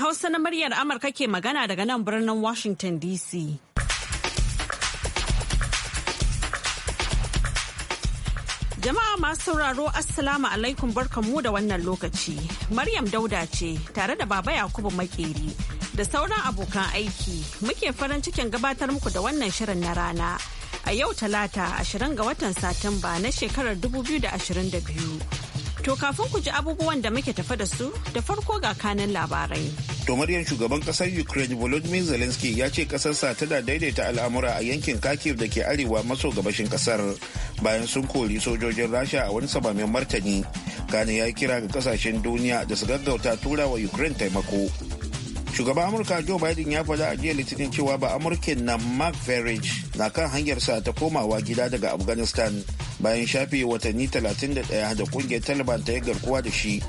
Hausa na muryar Amurka ke magana daga nan birnin Washington DC. Jama'a masu sauraro Assalamu alaikum mu da wannan lokaci. Maryam Dauda ce tare da Baba Yakubu Makeri da sauran abokan aiki muke farin cikin gabatar muku da wannan shirin na rana. A yau talata 20 ga watan Satumba na shekarar 2022. To kafin ku ji abubuwan da muke tafa da su da farko ga kanin labarai. Tomariyar shugaban kasar Ukraine Volodymyr Zelensky ya ce kasarsa tana daidaita al'amura a yankin Kharkiv da ke arewa maso gabashin kasar bayan sun kori sojojin Rasha a wani samamin martani. Kane ya kira ga kasashen duniya da su gaggauta tura wa Ukraine taimako. Shugaban Amurka Joe Biden ya faɗa a jiya litinin cewa ba Amurkin na Mark Verage na kan hanyarsa ta komawa gida daga Afghanistan. bayan shafe watanni 31 da kungiyar taliban ta yi garkuwa da shi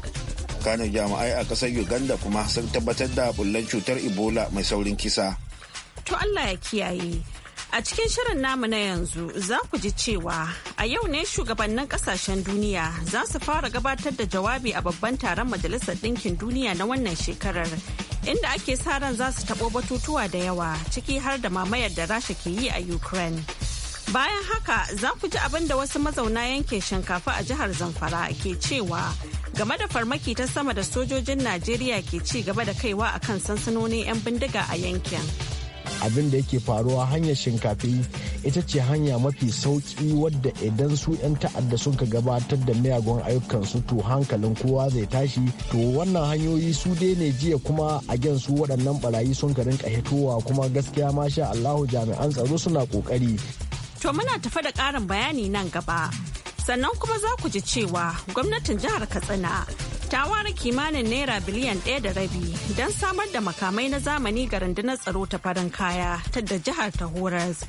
kanin jama'ai a kasar uganda kuma sun tabbatar da bullan cutar ebola mai saurin kisa to allah ya kiyaye a cikin shirin namu na yanzu za ku ji cewa a yau ne shugabannin kasashen duniya za su fara gabatar da jawabi a babban taron majalisar ɗinkin duniya na wannan shekarar inda ake sa ran za su taɓo batutuwa da yawa ciki har da mamayar da rasha ke yi a ukraine Bayan haka za ku ji abin da wasu mazauna yankin shinkafa a jihar Zamfara ke cewa game da farmaki ta sama da sojojin Najeriya ke ci gaba da kaiwa a kan sansanonin 'yan bindiga a yankin. abin da yake faruwa hanyar shinkafi ita ce hanya mafi sauki wadda idan su 'yan ta'adda sun ka gabatar da miyagun ayyukan su to hankalin kowa zai tashi to wannan hanyoyi su dai ne jiya kuma a gen su waɗannan barayi sun ka rinka hitowa kuma gaskiya masha allahu jami'an tsaro suna ƙoƙari To muna tafa da ƙarin bayani nan gaba. Sannan kuma za ku ji cewa gwamnatin jihar Katsina ta ware kimanin naira biliyan ɗaya da rabi don samar da makamai na zamani ga rundunar tsaro ta farin kaya ta da jihar ta horas.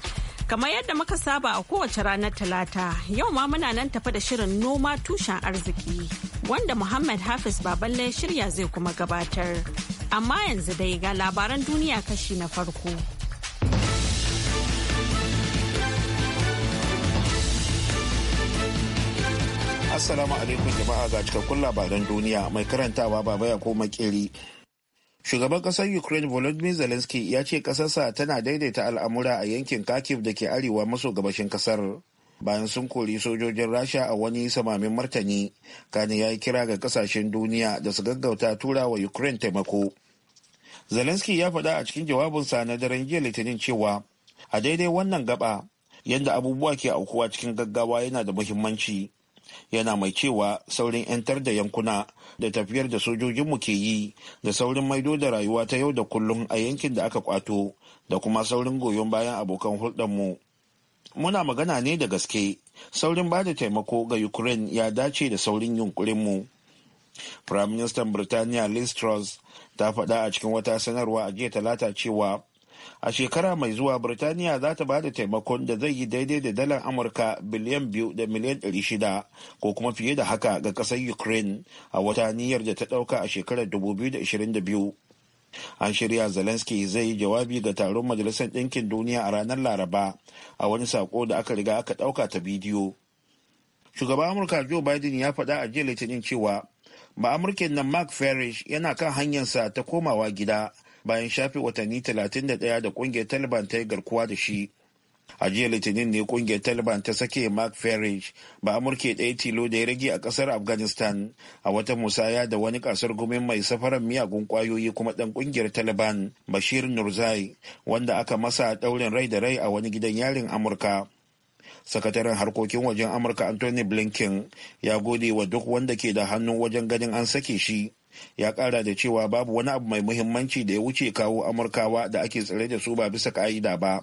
Kamar yadda muka saba a kowace ranar talata yau ma muna nan tafa da shirin noma tushen arziki wanda Muhammad Hafiz Baballe shirya zai kuma gabatar. Amma yanzu dai ga labaran duniya kashi na farko. Assalamu alaikum jama'a ga cikakkun labaran duniya mai karantawa baba ya ko makeri. Shugaban kasar Ukraine Volodymyr Zelensky ya ce kasarsa tana daidaita al'amura a yankin Kharkiv da ke arewa maso gabashin ƙasar. Bayan sun kori sojojin Rasha a wani samamin martani, Kani ya yi kira ga kasashen duniya da su gaggauta tura wa Ukraine taimako. Zelensky ya faɗa a cikin jawabinsa na daren jiya Litinin cewa a daidai wannan gaba yadda abubuwa ke aukuwa cikin gaggawa yana da muhimmanci. yana mai cewa saurin 'yantar da yankuna da tafiyar da sojojinmu ke yi da saurin maido da rayuwa ta yau da kullum a yankin da aka kwato da kuma saurin goyon bayan abokan hulɗarmu. Muna magana ne da gaske, saurin ba da taimako ga Ukraine ya dace da saurin yunkurinmu. Firaministan Birtaniya Liz Truss ta faɗa a cikin wata sanarwa a jiya talata cewa a shekara mai zuwa birtaniya za ta bada taimakon da zai yi daidai da dalar amurka biliyan biyu da miliyan ɗari shida ko kuma fiye da haka ga ƙasar ukraine a wata niyyar da ta ɗauka a shekarar biyu an shirya zelensky zai yi jawabi ga taron majalisar ɗinkin duniya a ranar laraba a wani sako da aka riga aka ɗauka ta bidiyo shugaban amurka joe biden ya faɗa a jiya litinin cewa ba nan mark farish yana kan hanyarsa ta komawa gida bayan shafe watanni 31 da kungiyar taliban ta yi garkuwa da shi a jiya litinin ne kungiyar taliban ta sake mark farage ba amurke ɗaya tilo da ya rage a ƙasar afghanistan a wata musaya da wani kasar gumin mai safaran miyagun kwayoyi kuma ɗan kungiyar taliban bashir nurzai wanda aka masa ɗaurin rai da rai a wani gidan yarin amurka sakataren harkokin wajen amurka anthony blinken ya gode wa duk wanda ke da hannu wajen ganin an sake shi ya kara da cewa babu wani abu mai muhimmanci da ya wuce kawo amurkawa da ake tsare da su ba bisa ka'ida ba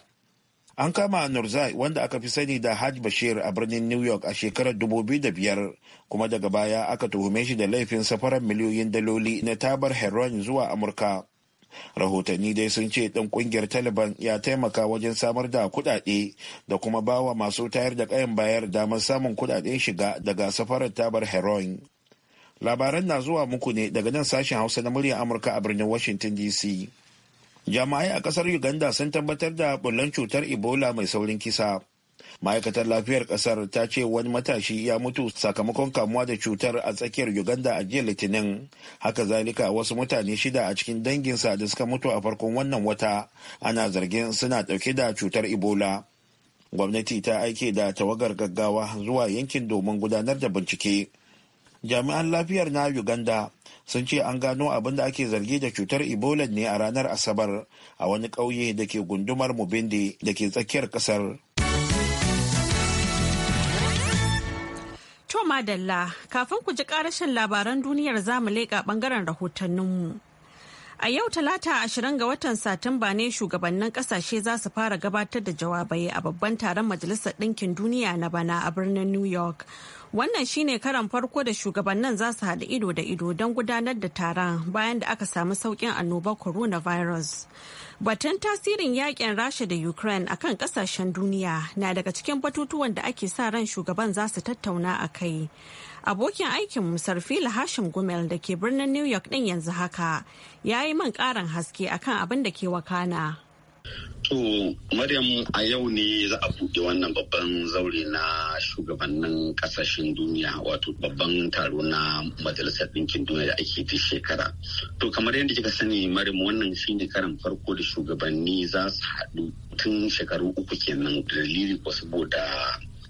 an kama nurzai wanda aka fi sani da hajj bashir a birnin new york a shekarar dubu biyu da biyar kuma daga baya aka tuhume shi da laifin safarar miliyoyin daloli na tabar heroin zuwa amurka rahotanni dai sun ce ɗan ƙungiyar taliban ya taimaka wajen samar da kuɗaɗe da kuma bawa masu tayar da kayan bayar damar samun kuɗaɗen shiga daga safarar tabar heroin labaran na zuwa muku ne daga nan sashen hausa na muryar amurka a birnin washington dc jami'ai a kasar uganda sun tabbatar da bullon cutar ebola mai saurin kisa ma'aikatar lafiyar kasar ta ce wani matashi ya mutu sakamakon kamuwa da cutar a tsakiyar uganda a jiya litinin haka zalika wasu mutane shida a cikin danginsa da suka mutu a farkon wannan wata ana zargin suna dauke da cutar ebola gwamnati ta aike da tawagar gaggawa zuwa yankin domin gudanar da bincike jami'an lafiyar na uganda sun ce an gano abin da ake zargi da cutar ebola ne a ranar asabar a wani ƙauye da ke gundumar mubindi da ke tsakiyar ƙasar to madalla kafin ku ji ƙarashin labaran duniyar zamu leƙa ɓangaren rahotanninmu a yau talata ashirin ga watan satumba ne shugabannin kasashe za su fara gabatar da jawabai a babban taron majalisar ɗinkin duniya na bana a birnin new york Wannan shine karan farko da shugabannin za su haɗa ido da ido don gudanar da taron bayan da aka samu saukin annobar coronavirus. Batun tasirin yakin Rasha da Ukraine akan kasashen duniya na daga cikin batutuwan da ake sa ran shugaban za su tattauna a kai. Abokin aikin musarfil Hashim Gumel da ke birnin New York ɗin yanzu haka ya yi man ƙarin haske akan abin da ke wakana. To Maryam a yau ne za a buɗe wannan babban zaure na shugabannin ƙasashen duniya wato babban taro na majalisar ɗinkin duniya da ake ta shekara. To kamar yadda kika sani Maryam wannan shine karan farko da shugabanni za su haɗu tun shekaru uku kenan dalili ko saboda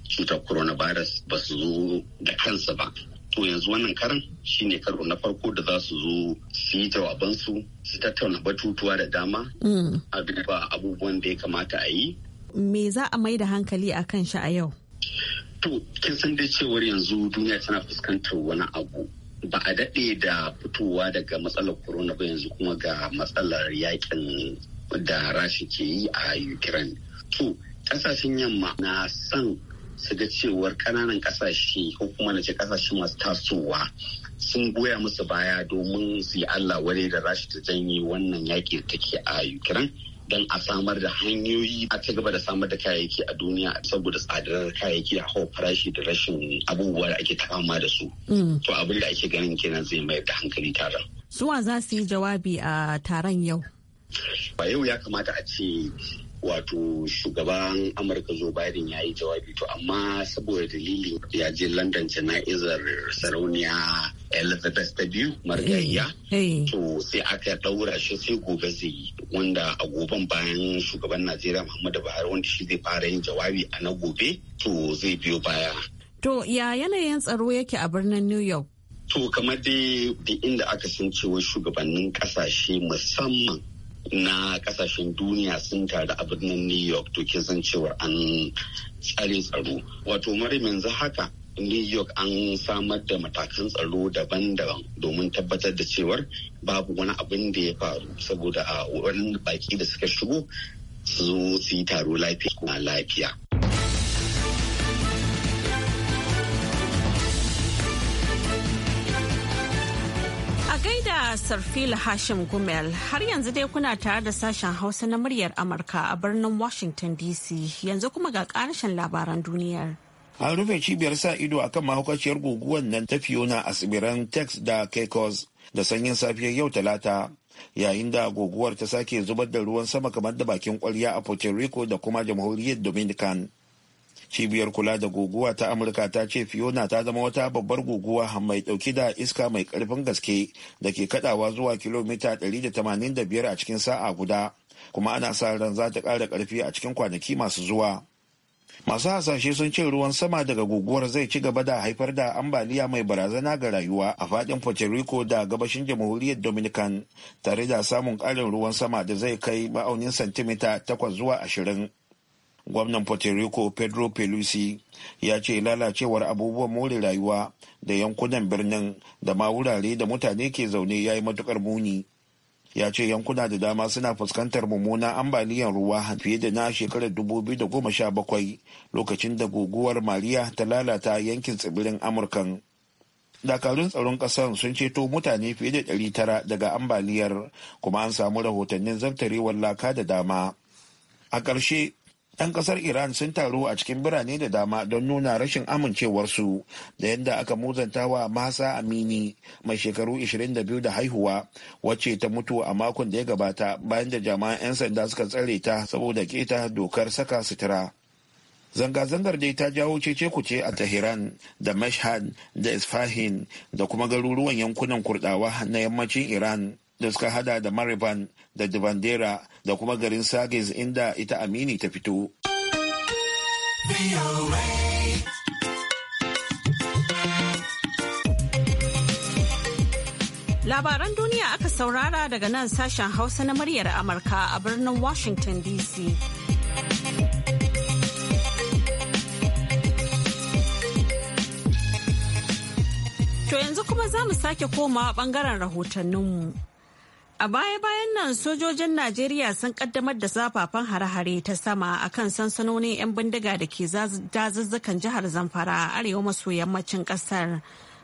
cutar coronavirus ba su zo da kansa ba to yanzu wannan karan shine karo na farko da za su zo su yi jawabansu su tattauna batutuwa da dama mm. a duba abubuwan da ya kamata a yi me za a mai da hankali a kan shi a yau to kin san dai cewar yanzu duniya tana fuskantar wani abu ba a daɗe da fitowa daga matsalar corona ba yanzu kuma ga matsalar yakin da rashi ke yi a ukraine to ƙasashen yamma na son su ga cewar ƙananan kasashe ko kuma na ce ƙasashe masu tasowa sun goya musu baya domin su yi Allah wani da rashi ta janye wannan yaƙi da take a Ukraine don a samar da hanyoyi a ci gaba da samar da kayayyaki a duniya saboda tsadar kayayyaki da hau farashi da rashin abubuwa da ake tafama da su. Mm. To abin da ake ganin kenan zai mayar da hankali taron. Suwa za su yi jawabi a taron yau. Ba yau ya kamata a ce wato shugaban amurka zo biden ya yi jawabi to amma saboda dalilin ya je london jana'izar sarauniya elizabeth ta biyu margariya to sai aka daura shi sai gobe zai yi wanda a goben bayan shugaban najeriya muhammadu buhari wanda shi zai fara yin jawabi a na gobe to zai biyo baya to ya yanayin tsaro yake a birnin new york to kamar dai inda aka san cewa shugabannin kasashe musamman na kasashen duniya sun taru a birnin new york to zan cewar an tsare tsaro wato mara yanzu haka new york an samar da matakan tsaro daban-daban domin tabbatar da cewar babu wani abin da ya faru saboda a ah, wani baki da suka shigo zo su yi taro lafiya Sarfila Hashim Gumel har yanzu dai kuna tare da sashen Hausa na muryar Amurka a birnin Washington DC yanzu kuma ga ƙarshen labaran duniyar. An rufe cibiyar sa ido akan mahaukaciyar guguwar nan ta Fiona a tsibiran Tex da Caicos da sanyin safiyar yau Talata yayin da guguwar ta sake zubar da ruwan sama kamar da bakin kwarya a Puerto Rico da kuma jamhuriyar Dominican. cibiyar kula da guguwa ta amurka ta ce fiona ta zama wata babbar guguwa mai dauki da iska mai karfin gaske da ke kadawa zuwa kilomita 185 a cikin sa'a guda kuma ana sa ran za ta kara karfi a cikin kwanaki masu zuwa masu hasashe sun ce ruwan sama daga guguwar zai ci gaba da haifar da ambaliya mai barazana ga rayuwa a fadin puerto rico da gabashin jamhuriyar dominican tare da samun karin ruwan sama da zai kai ma'aunin santimita 8 zuwa ashirin. gwamnan puerto rico pedro pelusi ya ce lalacewar abubuwan more rayuwa da yankunan birnin da ma wurare da mutane ke zaune ya yi matukar muni ya ce yankuna da dama suna fuskantar mummunan ambaliyar ruwa fiye da na shekarar 2017 lokacin da guguwar mariya ta lalata yankin tsibirin amurkan dakarun tsaron kasan sun ceto mutane fiye da 900 daga ambaliyar kuma an samu rahotannin zartarewar laka da dama a ƙarshe 'yan kasar iran sun taru a cikin birane da dama don nuna rashin amincewarsu da yadda aka muzanta wa masa amini mai shekaru 22 da haihuwa wacce ta mutu a makon da ya gabata bayan da jama'an 'yan sanda suka tsare ta saboda keta dokar saka sutura zanga-zangar dai ta jawo cece-kuce a tahiran da mashhad da isfahin da kuma garuruwan yankunan kurdawa na yammacin iran da suka hada da Mariban da Dibandera da kuma garin Sagis inda ita Amini ta fito. Labaran duniya aka saurara daga nan sashen Hausa na muryar Amurka a birnin Washington DC. To yanzu kuma za mu sake komawa bangaren rahotanninmu. A baya-bayan nan sojojin Najeriya sun kaddamar da zafafan hare-hare ta sama a kan sansanonin 'yan bindiga da ke dazuzzukan jihar Zamfara a arewa maso yammacin kasar.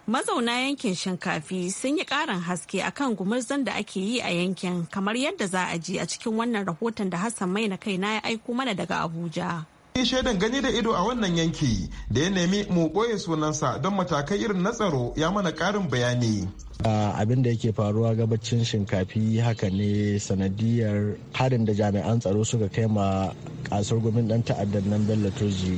Mazauna yankin shinkafi sun yi ƙarin haske a kan gumurzan da ake yi a yankin kamar yadda za a ji a cikin wannan rahoton da Hassan Mai na kai na ya aiko mana daga Abuja. shaidan gani da ido a wannan yanki da ya nemi mu ɓoye sunansa don matakai irin na tsaro ya mana karin bayani abin da yake faruwa gabacin shinkafi haka ne sanadiyar harin da jami'an tsaro suka kai ma kasar gomin dan ta'addar nan bello toji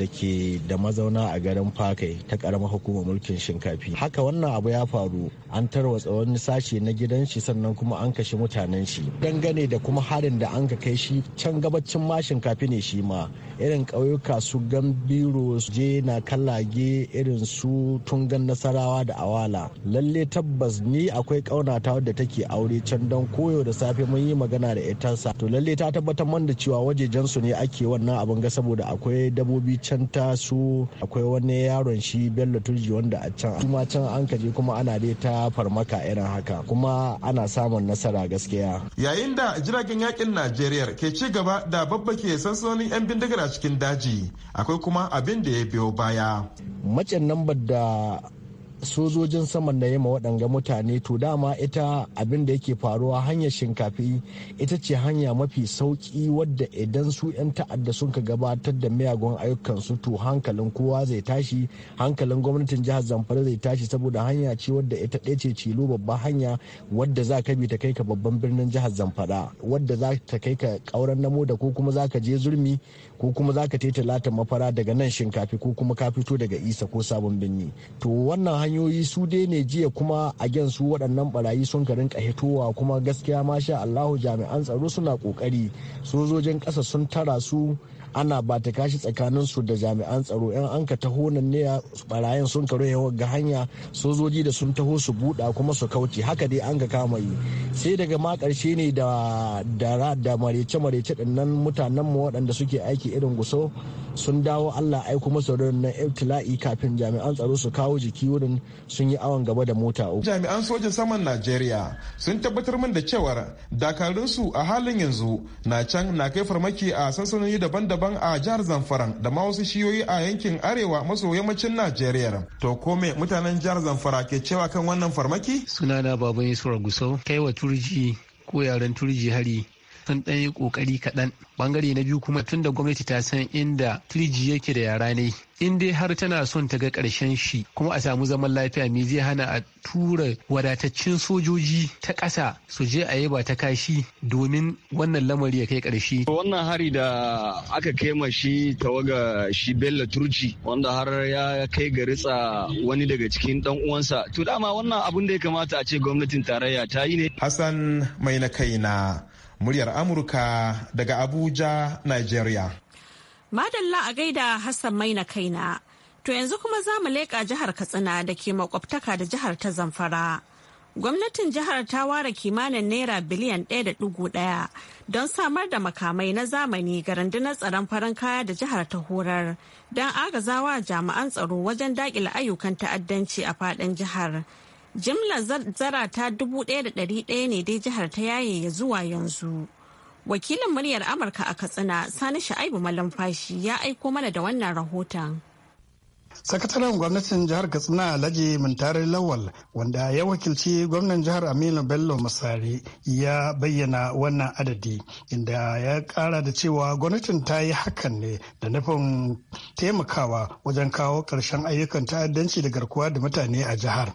da ke da mazauna a garin fakai ta karamar hukumar mulkin shinkafi haka wannan abu ya faru an tarwatsa wani sashe na gidan shi sannan kuma an kashe mutanen shi dangane da kuma harin da an kai shi can gabacin ma shinkafi ne shi ma irin ƙauyuka su gambiro su je na kallage irin su tungan nasarawa da awala lalle tabbas ni akwai ƙaunata wadda take aure can don koyo da safe mun yi magana da ita to lalle ta tabbatar man da cewa wajejen su ne ake wannan abin ga saboda akwai dabobi can ta su akwai wani yaron shi bello turji wanda a can kuma can an kaje kuma ana dai ta farmaka irin haka kuma ana samun nasara gaskiya yayin da jiragen yakin najeriya ke ci gaba da ke sansanonin yan bindigar a cikin daji akwai kuma abin da ya biyo baya macen lambar da sojojin saman na yima waɗanga mutane to dama ita abin da yake faruwa hanyar shinkafi ita ce hanya mafi sauki wadda idan su 'yan ta'adda sun ka gabatar da miyagun ayyukansu to hankalin kowa zai tashi hankalin gwamnatin jihar zamfara zai tashi saboda hanya ce wadda ita ɗaya ce cilo babban hanya wadda za ka bi ta kai ka babban birnin jihar zamfara wadda za ta kai ka ƙauren namo da ko kuma za ka je zurmi ko kuma za ka teta mafara daga nan shinkafi ko kuma ka fito daga isa ko sabon birni to wannan hanyoyi su dai ne jiya kuma a gen su waɗannan barayi sun ka rinka hitowa kuma gaskiya masha allahu jami'an tsaro suna ƙoƙari sojojin ƙasa sun tara su ana ba ta kashi tsakanin su da jami'an tsaro yan an ka taho nan ne barayin sun karo yawa ga hanya sojoji da sun taho su buɗa kuma su kauce haka dai an ka kama yi sai daga ma ƙarshe ne da da da marece marece mutanen mu waɗanda suke aiki irin guso sun dawo Allah aiko masa wurin na ibtila'i kafin jami'an tsaro su kawo jiki wurin sun yi awon gaba da mota uku. Jami'an sojin saman Najeriya sun tabbatar min da cewar dakarunsu a halin yanzu na can na kai farmaki a sansanoni daban-daban daban a jihar zamfaran da ma wasu shiyoyi a yankin arewa maso yammacin najeriya to ko mutanen jihar zamfara ke cewa kan wannan farmaki suna sunana baban yusuf gusau kai wa turji ko yaren turji hari sun ɗan ƙoƙari kaɗan bangare na biyu kuma tun da gwamnati ta san inda firiji yake da yara ne in dai har tana son ta ga ƙarshen shi kuma a samu zaman lafiya me zai hana a tura wadataccen sojoji ta ƙasa su je a yaba ta kashi domin wannan lamari ya kai ƙarshe. wannan hari da aka kai shi tawaga shi bello turci wanda har ya kai ga ritsa wani daga cikin dan uwansa to dama wannan abin da ya kamata a ce gwamnatin tarayya ta yi ne hassan mai na kaina muryar Amurka daga Abuja, Nigeria. Madalla a gaida Hassan Maina kaina. To yanzu kuma za mu leƙa jihar Katsina da ke makwabtaka da jihar ta Zamfara. Gwamnatin jihar ta ware kimanin naira biliyan ɗaya da ɗaya don samar da makamai na zamani ga rundunar tsaron farin kaya da jihar ta horar don agazawa jami'an tsaro wajen daƙile ayyukan ta'addanci a faɗin jihar. Jimlar zarata dubu ɗaya da ɗari ɗaya ne dai jihar ta yaye ya zuwa yanzu. Wakilin muryar Amurka a Katsina Sani Sha'ibu Malamfashi ya aiko mana da wannan rahoton. sakataren gwamnatin jihar katsina alhaji mintare lawal wanda ya wakilci gwamnan jihar aminu bello musari ya bayyana wannan adadi inda ya kara da cewa gwamnatin ta yi hakan ne da nufin taimakawa wajen kawo ƙarshen ayyukan ta'addanci da garkuwa da mutane a jihar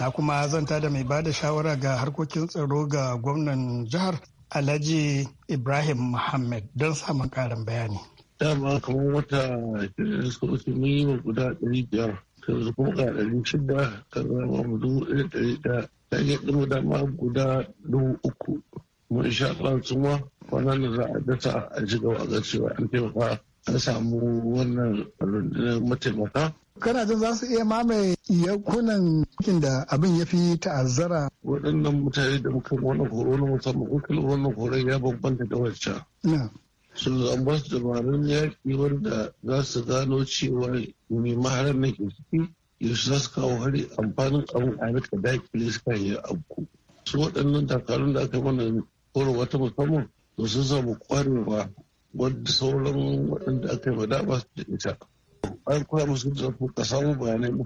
na kuma zanta da mai bada shawara ga harkokin tsaro ga gwamnan jihar alhaji ibrahim muhammad don samun karin bayani dama kamar wata mun yi wa guda ɗari biyar yanzu kuma ga ɗari shida ta zama mu dubu ɗaya ɗari ɗaya ta yi ɗin dama guda dubu uku mun sha su ma kwanan da za a dasa a ji gaba ga cewa an taimaka an samu wannan rundunar mataimaka kana jin za su iya mamaye yankunan cikin da abin ya fi ta'azzara waɗannan mutane da muka wani horo na musamman kukan wannan horon ya bambanta da wacce su an ba su dabarun yaƙi wanda za su gano cewa mai maharar na ke ciki za su kawo hari amfanin abin a rika daƙile su kan yi abu su waɗannan takarun da aka mana horo wata musamman to sun samu ƙwarewa wadda sauran waɗanda aka yi ba da ba su da ita an koya musu da ku ka samu bayanai na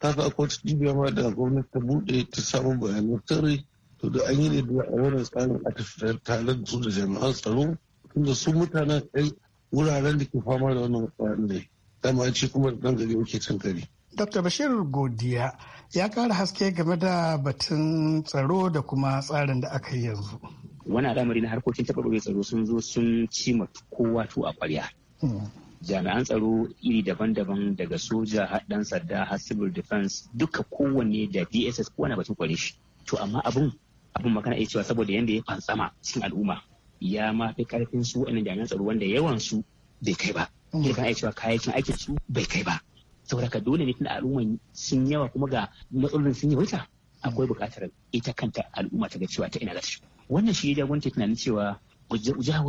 ta ga akwai wata jibiya ma da gwamnati ta bude ta samu bayanai sirri to da an yi ne da a wannan tsarin a tafi tare da su da jami'an tsaro tunda su mutanen ɗai wuraren da ke fama da wannan tsarin ne dama ce kuma da ɗan gari yake can gari. Dr. Bashir Godiya ya kara haske game da batun tsaro da kuma tsarin da aka yi yanzu. Wani al'amari na harkokin taɓarɓare tsaro sun zo sun ci kowa tu a ƙwarya. Hmm. jami'an tsaro iri daban-daban daga soja har dan sadda har civil defense duka kowanne da dss kowane batun kwarin shi to amma abun abun magana ya cewa saboda yanda ya fantsama cikin al'umma ya ma fi karfin su wa'annan jami'an tsaro wanda yawan su bai kai ba ya kan iya cewa kayayyakin aikin su bai kai ba saboda ka dole ne tun al'umma sun yawa kuma ga matsalolin sun yawaita akwai buƙatar ita kanta al'umma ta ga cewa ta ina da shi. wannan shi ya jagoranci tunanin cewa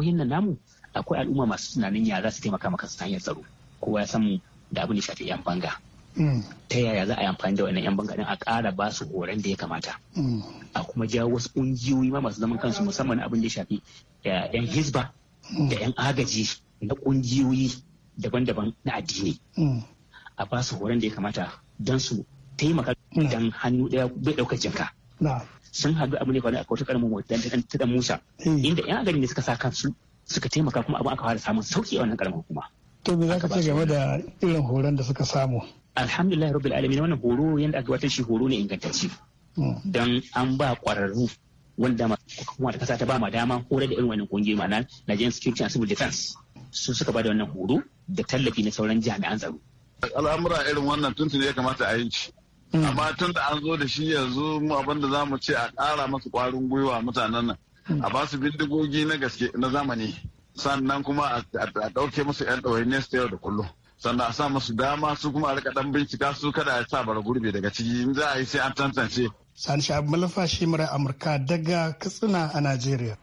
yin nan namu akwai al'umma masu tunanin ya za su taimaka maka su hanyar tsaro kowa ya san da abin da shafi yan banga mm. ta yaya za a yi amfani da wannan yan banga din a ƙara ba su horon da ya kamata mm. a kuma jawo wasu ƙungiyoyi ma masu zaman kansu musamman abin da ya shafi yan hizba mm. da yan agaji na ƙungiyoyi daban-daban na addini a ba su horon da ya kamata don su taimaka don hannu ɗaya bai ɗaukar jinka sun haɗu abin da ya faru a kautar karamin wadda ta musa eh. inda yan agaji ne suka sa kansu suka taimaka kuma abin aka fara samun sauki a wannan karamar hukuma. To me za ka ce game da irin horon da suka samu? Alhamdulillah rabbil alamin wannan horo yadda aka gabatar shi horo ne ingantacce. Hmm. Don an ba kwararru wanda kuma da kasa ta ba ma dama horar da irin wannan kungiyoyi ma'ana Nigerian Security and Civil Defense su suka ba da wannan horo da tallafi na sauran jami'an tsaro. Al'amura irin wannan tuntun ya kamata a yi shi. Hmm. Amma tun da an zo da shi yanzu mu abin da za mu ce a ƙara masu ƙwarin gwiwa mutanen nan. a ba su bindigogi na gaske na zamani sannan kuma a ɗauke musu 'yan ɗawainiyar su yau da kullum sannan a sa musu dama su kuma a rika bincika su kada a sa bara gurbe daga ciki in za a yi sai an tantance. Sani malafa shi mara Amurka daga Katsina a nigeria.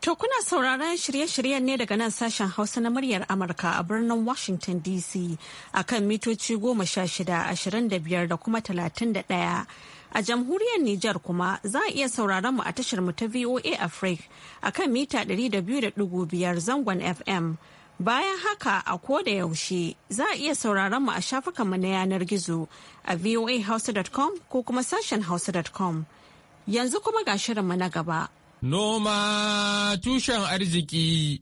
To kuna sauraron shirye-shiryen ne daga nan sashen Hausa na muryar Amurka a birnin Washington DC a kan mitoci goma sha shida ashirin da biyar da kuma talatin da ɗaya. A jamhuriyar Nijar kuma za a iya sauraron mu a tashar mu ta VOA Africa a kan mita 200.5 zangon FM. Bayan haka a koda yaushe za a iya sauraron mu a shafukan mu na yanar gizo a voahausa.com ko kuma sashen hausa.com. Yanzu kuma ga shirin mu na gaba. Noma tushen arziki.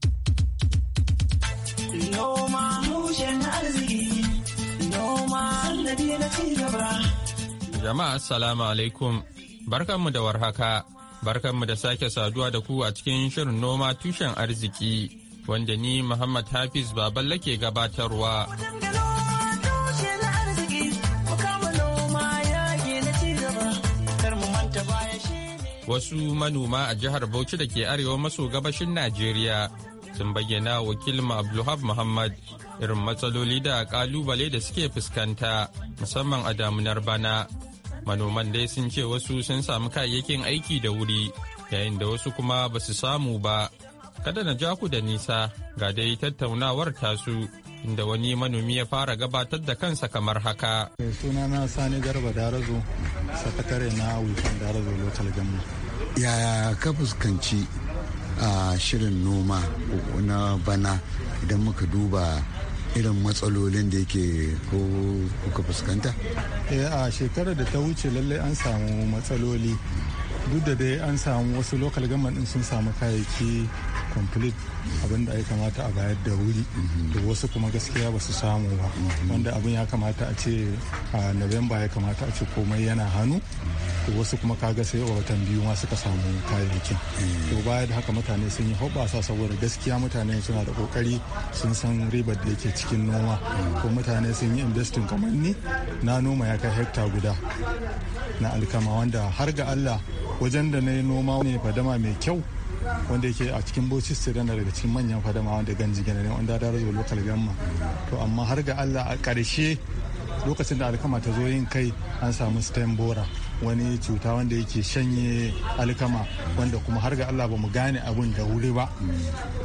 Noma tushen arziki. Noma na ci gaba. Jama'a Assalamu alaikum. Barkanmu da warhaka. Barkanmu da sake saduwa da ku a cikin shirin noma tushen arziki wanda ni Muhammad Hafiz Baballe ke gabatarwa. Wasu manoma a jihar Bauchi da ke arewa maso gabashin Najeriya sun bayyana wakilin Abdulhab Muhammad irin matsaloli da kalubale da suke fuskanta musamman a damunar bana manoman dai sun ce wasu sun samu kayayyakin aiki da wuri yayin da wasu kuma ba su samu ba kada na ja ku da nisa ga dai tattaunawar tasu inda wani manomi ya fara gabatar da kansa kamar haka. Eh, suna na sani garba darazo sakatare na wifan darazo local government yaya ka fuskanci a ah, shirin noma na bana idan muka duba irin matsalolin da yake ko kuka fuskanta? Eh, a shekarar da ta wuce lallai an samu matsaloli duk da dai an samu wasu lokal government din sun samu kayayyaki complete abinda da ya kamata a bayar da wuri to wasu kuma gaskiya ba su samu ba wanda abin ya kamata a ce a november ya kamata a ce komai yana hannu to wasu kuma kaga sai a watan biyu ma suka samu kayayyakin to baya da haka mutane sun yi hoɓasa saboda gaskiya mutane suna da kokari sun san ribar da yake cikin noma ko mutane sun yi investing kamar ni na noma ya kai hekta guda na alkama wanda har ga allah wajen da na yi noma ne fadama mai kyau wanda yake a cikin bauchi state dana daga cikin manyan fadama wanda ganji gina ne wanda da rajo lokal gamma to amma har ga allah a ƙarshe lokacin da alkama ta zo yin kai an samu stem bora wani cuta wanda yake shanye alkama wanda kuma har ga Allah ba mu gane abin da wuri ba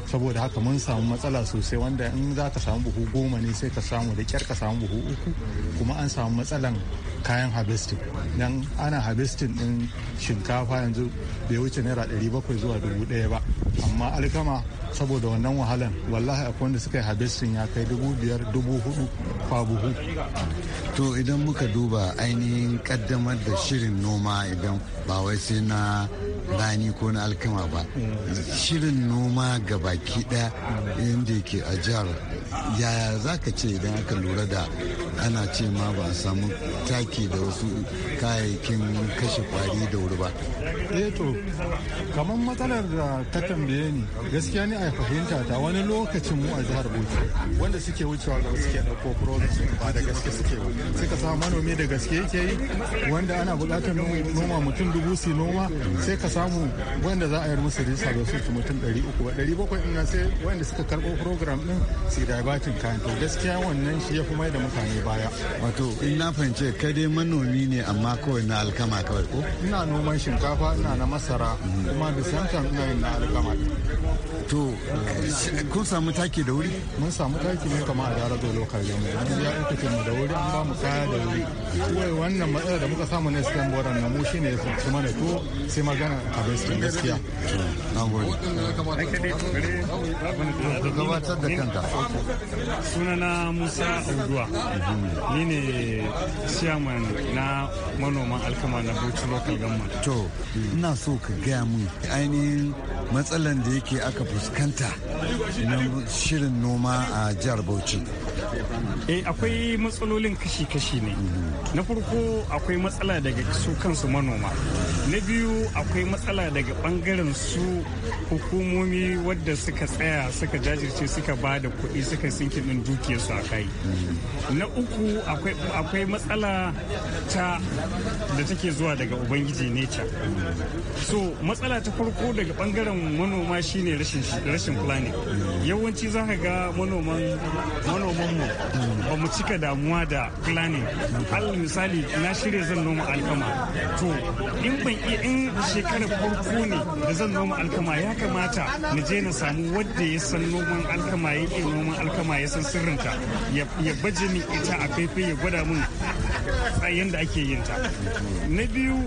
saboda haka mun samu matsala sosai wanda in za ka samu buhu goma ne sai ka samu da kyar ka samu buhu uku kuma an samu matsalan kayan harvesting dan ana harvesting din shinkafa yanzu bai wuce naira ɗari bakwai zuwa ɗaya ba amma alkama saboda wannan wahalan wallahi akwai wanda suka yi harvesting ya kai dubu biyar dubu hudu kwa buhu to idan muka duba ainihin kaddamar da shirin irin noma idan ba wai sai na rani ko na alkama ba shirin noma ga baki ɗaya inda ke a jihar yaya za ka ce idan aka lura da ana ce ma ba a samu taki da wasu kayayyakin kashe kwari da wuri ba eh to kamar matsalar da ta tambaye ni gaskiya ne a fahimta ta wani lokacin mu a jihar bauchi wanda suke wucewa ga suke ɗauko produce ba da gaske suke suka sa manomi da gaske yake yi wanda ana buƙatar noma mutum dubu su noma sai ka samu wanda za a yi musu risa da su mutum ɗari uku ba ɗari bakwai ina sai wanda suka karɓo program ɗin su da daibatin kayan to gaskiya wannan shi ya fi mai da mutane baya wato in na fahimce kai dai manomi ne amma kawai na alkama kawai ko ina noman shinkafa ina na masara mm. kuma da santan ina na alkama to eh, kun samu taki da wuri mun samu taki ne kama a gara zo lokal gama an ya ɗauke mu da wuri an ba mu kaya da wuri kawai wannan matsala da muka samu ne sukan boran na mu shi ne su mana to sai magana a bai gaskiya na gode ka gabatar da kanka sunana musa auduwa ni ne chairman na manoman alkama na bauchi lokal gama to ina so ka gaya min ainihin matsalan da yake aka fi fuskanta shirin noma a jihar Bauchi. eh akwai matsalolin kashi-kashi ne na farko akwai matsala daga su kansu manoma na biyu akwai matsala daga bangaren su hukumomi wadda suka tsaya suka jajirce suka ba da kuɗi suka sinke ɗin dukiyarsu a kai na uku akwai matsala ta da take zuwa daga ubangiji ne so matsala ta farko daga bangaren manoma shine rashin planning yawanci za ka ga manoman mu ba mu cika damuwa da planning al misali na shirya zan noma alkama to in ban iya in shekarar farko ne da zan noma alkama ya kamata na je na samu wadda ya san noman alkama ya ke noman alkama ya san sirrinta ya baje min ita a faifai ya gwada min yadda ake yin ta na biyu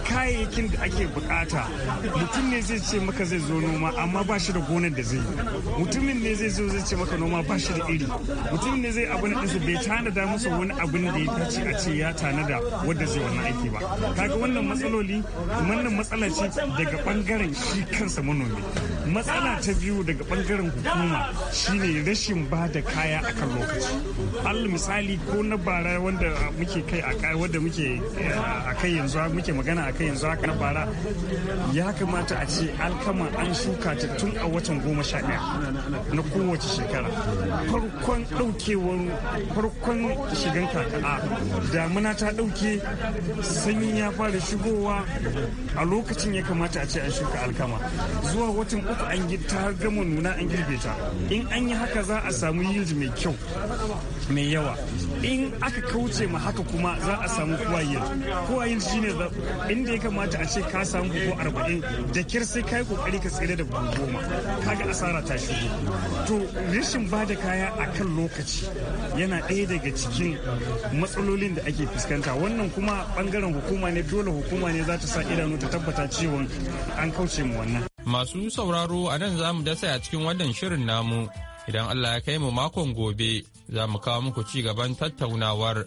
kayayyakin da ake bukata mutum ne zai ce maka zai zo noma amma ba shi da gonar da zai mutumin ne zai zo zai ce maka noma ba shi da iri mutumin ne zai abin da bai tanada musu wani abin da ya ce a ce ya tanada wanda zai wannan aiki ba kaga wannan matsaloli wannan matsala ce daga bangaren shi kansa manomi matsala ta biyu daga bangaren hukuma shine rashin ba da kaya akan lokaci al misali ko na bara wanda muke kai a kai wanda muke eh, a kai yanzu muke magana kai yanzu haka na bara ya kamata a ce alkama an shuka ta tun a watan goma sha ɗaya na kowace shekara farkon ɗaukewar farkon shigan kaka'a damuna ta ɗauke sanyi ya fara shigowa a lokacin ya kamata a ce an shuka alkama zuwa watan uku an har gama nuna an girbe ta in an yi haka za a samu yield mai kyau mai yawa in aka kauce ma haka kuma za a samu kuwayen kuwayen da inda ya kamata a ce ka samu buhu arba'in da kyar sai yi kokari ka tsere da goma kaga asara ta shigo to rashin ba da kaya a kan lokaci yana ɗaya daga cikin matsalolin da ake fuskanta wannan kuma bangaren hukuma ne dole hukuma ne za ta sa idanu ta tabbata cewa an kauce mu wannan masu sauraro a nan za mu dasa a cikin wannan shirin namu Idan Allah ya kai mu makon gobe za mu kawo muku ci gaban tattaunawar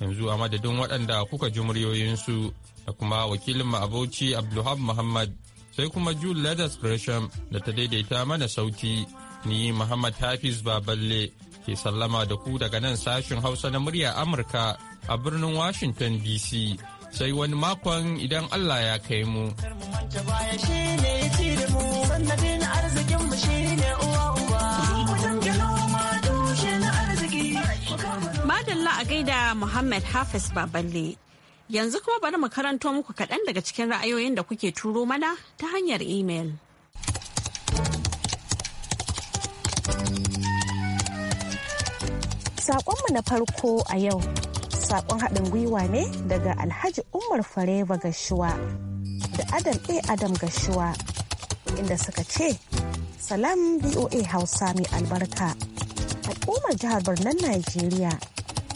yanzu a madadin waɗanda kuka ji muryoyinsu da kuma wakilin mu abauci Abdulhab Muhammad sai kuma jude Ladas Gresham da ta daidaita mana sauti ni Muhammad Hafiz Baballe ke sallama da ku daga nan sashin Hausa na murya Amurka a birnin Washington DC sai wani makon idan Allah ya kai mu. a gaida Muhammad Hafiz Baballe. Yanzu kuma bari mu karanto muku kaɗan daga cikin ra'ayoyin da kuke turo mana ta hanyar imel. Saƙonmu na farko a yau, saƙon haɗin gwiwa ne daga Alhaji Umar Fareva Gashuwa da Adam A. Adam Gashuwa, inda suka ce, Salam BOA Hausa mai albarka, al'ummar jihar Birnin Najeriya.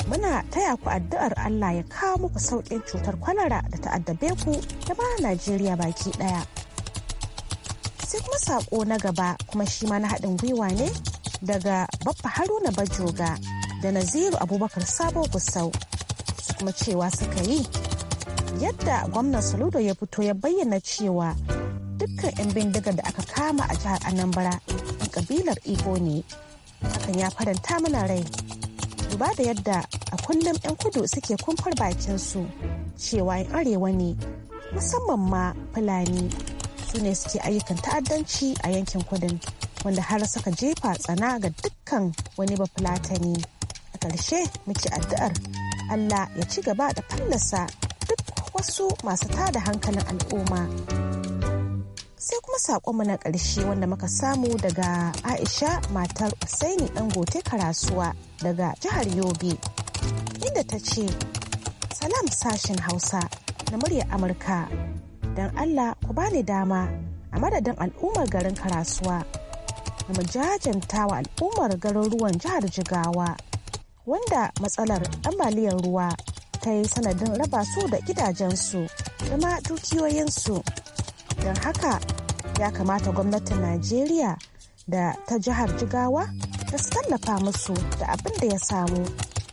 muna taya ku addu'ar Allah ya kawo muku sauƙin cutar kwalara da ta'addabe ku da ba Najeriya baki ɗaya. Sai kuma saƙo na gaba kuma shi ma na haɗin gwiwa ne daga Baffa Haruna Bajoga da Naziru Abubakar Sabo Gusau su kuma cewa suka yi yadda gwamnan Saludo ya fito ya bayyana cewa dukkan 'yan bindigar da aka kama a jihar Anambra kabilar Igbo ne. Hakan ya faranta mana rai duba da yadda a kullum 'yan kudu suke kumfar bakinsu cewa yin arewa ne musamman ma fulani su ne suke ayyukan ta'addanci a yankin kudin wanda har suka jefa tsana ga dukkan wani bafulatani a ƙarshe muke addu'ar allah ya ci gaba da fallasa duk wasu masu tada hankalin al'umma sai kuma saƙonmu na ƙarshe wanda muka samu daga aisha matar usaini dangote karasuwa daga jihar yobe inda ta ce salam sashen hausa na murya amurka don allah ku bani dama a madadin al'ummar garin karasuwa da mu jajanta wa al'ummar garuruwan jihar jigawa wanda matsalar ambaliyar ruwa ta yi sanadin raba su da gidajensu da ma dukiyoyinsu don haka ya kamata gwamnatin najeriya da ta jihar jigawa ta tallafa musu da abin da ya samu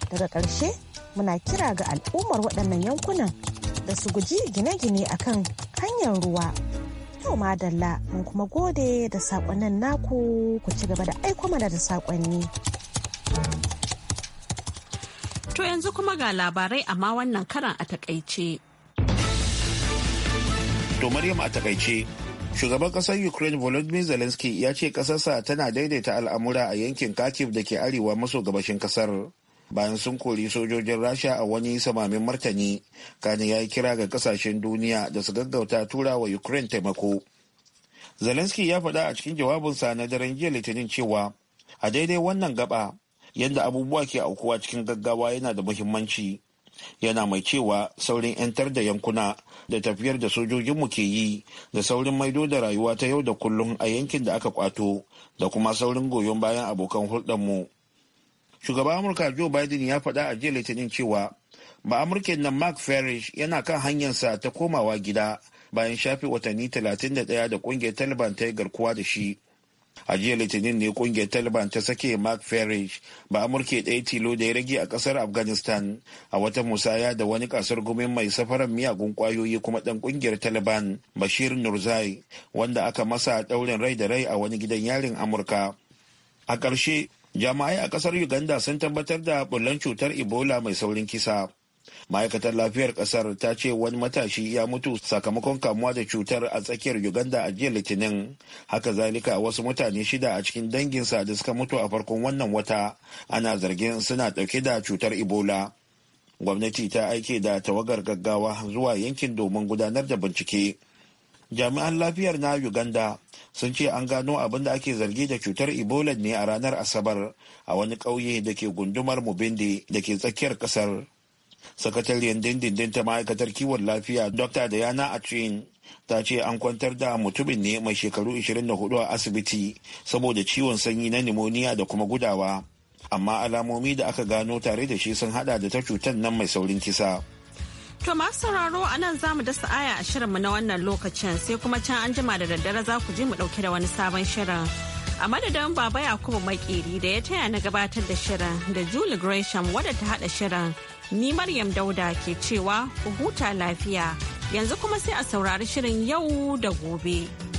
daga ƙarshe muna kira ga al'ummar waɗannan yankunan da su guji gine-gine akan hanyar ruwa yau ma madalla mun kuma gode da saƙonnin naku ku ci gaba da aiko mana da saƙonni to yanzu kuma ga labarai amma wannan karan a takaice to maryam a takaice shugaban kasar ukraine volodymyr zelensky ya ce kasarsa tana daidaita al'amura a yankin kharkiv da ke arewa maso gabashin kasar bayan sun kori sojojin rasha a wani samamin martani kane ya yi kira ga kasashen duniya da su gaggauta tura wa ukraine taimako zelensky ya faɗa a cikin jawabinsa na daren jiya litinin cewa a daidai wannan gaba yadda abubuwa ke aukuwa cikin gaggawa yana da muhimmanci yana mai cewa saurin 'yantar da yankuna da tafiyar da sojojinmu ke yi da saurin maido da rayuwa ta yau da kullum a yankin da aka kwato da kuma saurin goyon bayan abokan hulɗarmu shugaban amurka joe biden ya faɗa a jiya litinin cewa ba amurka nan mark farish yana kan hanyarsa ta komawa gida bayan shafe watanni 31 da kungiyar taliban ta yi garkuwa da shi a jiya litinin ne kungiyar taliban ta sake mark farish ba amurka ɗaya tilo da ya rage a ƙasar afghanistan a wata musaya da wani kasar gumin mai safarar miyagun kwayoyi kuma ɗan kungiyar taliban bashir nurzai wanda aka masa ɗaurin rai da rai a wani gidan yarin amurka a ƙarshe jama'ai a kasar uganda sun tabbatar da bullon cutar ebola mai saurin kisa ma'aikatar lafiyar kasar ta ce wani matashi ya mutu sakamakon kamuwa da cutar a tsakiyar uganda a jiya litinin haka zalika wasu mutane shida a cikin danginsa da suka mutu a farkon wannan wata ana zargin suna dauke da cutar ebola gwamnati ta aike da tawagar gaggawa zuwa yankin domin gudanar da bincike jami'an lafiyar na uganda sun ce an gano abin da ake zargi da cutar ebola ne a ranar asabar a wani ƙauye da ke gundumar mubindi da ke tsakiyar ƙasar sakatariyar dindindin ta ma'aikatar kiwon lafiya dr diana atrin ta ce an kwantar da mutumin ne mai shekaru 24 a asibiti saboda ciwon sanyi na nimoniya da kuma gudawa amma alamomi da aka gano tare da shi sun hada da ta cutar nan mai saurin kisa To masu sauraro a nan za mu dasa aya a shirinmu na wannan lokacin sai kuma can an jima da daddare za ku ji mu ɗauke da wani sabon shirin. A madadin Baba Yakubu Makeri da ya taya na gabatar da shirin da Julie Gresham wadda ta haɗa shirin. Ni Maryam Dauda ke cewa ku huta lafiya yanzu kuma sai a saurari shirin yau da gobe.